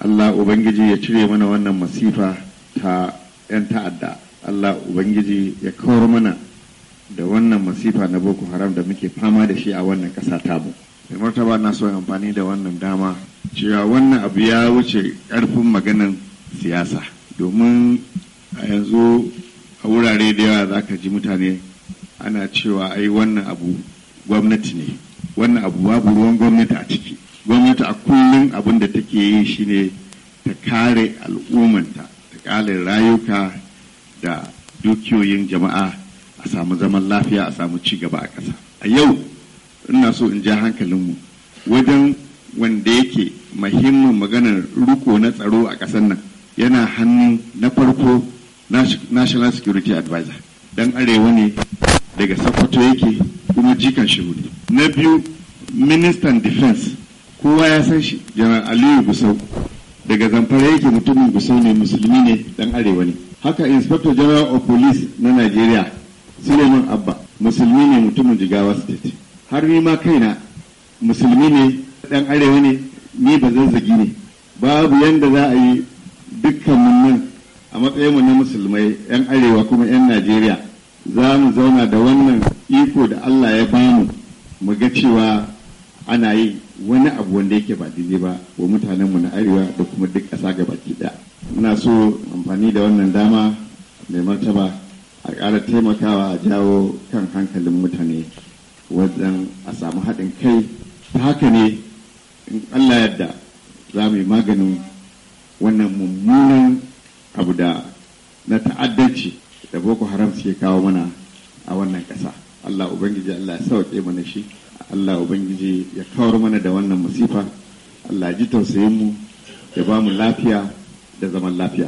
Allah Ubangiji ya cire mana wannan masifa ta 'yan ta'adda Allah Ubangiji ya kawar mana da wannan masifa na Boko Haram da muke fama da shi a wannan ƙasa tamu. Mai martaba na so amfani da wannan dama cewa wannan abu ya wuce ƙarfin maganan siyasa domin a yanzu a wurare da yawa za ka ji mutane ana cewa ai wannan abu gwamnati ne wannan abu babu ruwan gwamnati a ciki gwamnati a kullum abin da take yi shine ta kare al'ummanta ta kare rayuka da dukiyoyin jama'a a samu zaman lafiya a samu ci gaba a ƙasa a yau ina so in ja hankalinmu wajen wanda yake mahimmin maganar ruko na tsaro a ƙasar nan yana hannu na farko national security advisor dan arewa ne daga sokoto yake kuma jikan shi na biyu ministan defense kowa ya san shi janar aliyu gusau daga zamfara yake mutumin gusau ne musulmi ne dan arewa ne haka inspector general of police na nigeria suleiman abba musulmi ne mutumin jigawa state har ni ma kaina musulmi ne dan arewa ne ni ba zazzagi ne babu yanda za a yi dukkan nan a matsayinmu na musulmai yan arewa kuma yan najeriya za mu zauna da wannan iko da allah ya bamu mu ga cewa ana yi wani abu wanda yake ba daidai ba wa mutanenmu na arewa da kuma duk ƙasa ga baki Ina muna so amfani da wannan dama mai martaba a ƙara taimakawa a jawo kan hankalin mutane wajen a samu haɗin kai ta haka ne in allah yadda za mu yi maganin wannan mummunan abu da na ta'addanci da boko haram suke kawo mana a wannan ƙasa. Allah Ubangiji Allah ya sauke mana shi Allah Ubangiji ya kawar mana da wannan masifa Allah ya ji tausayin mu ya ba mu lafiya da zaman lafiya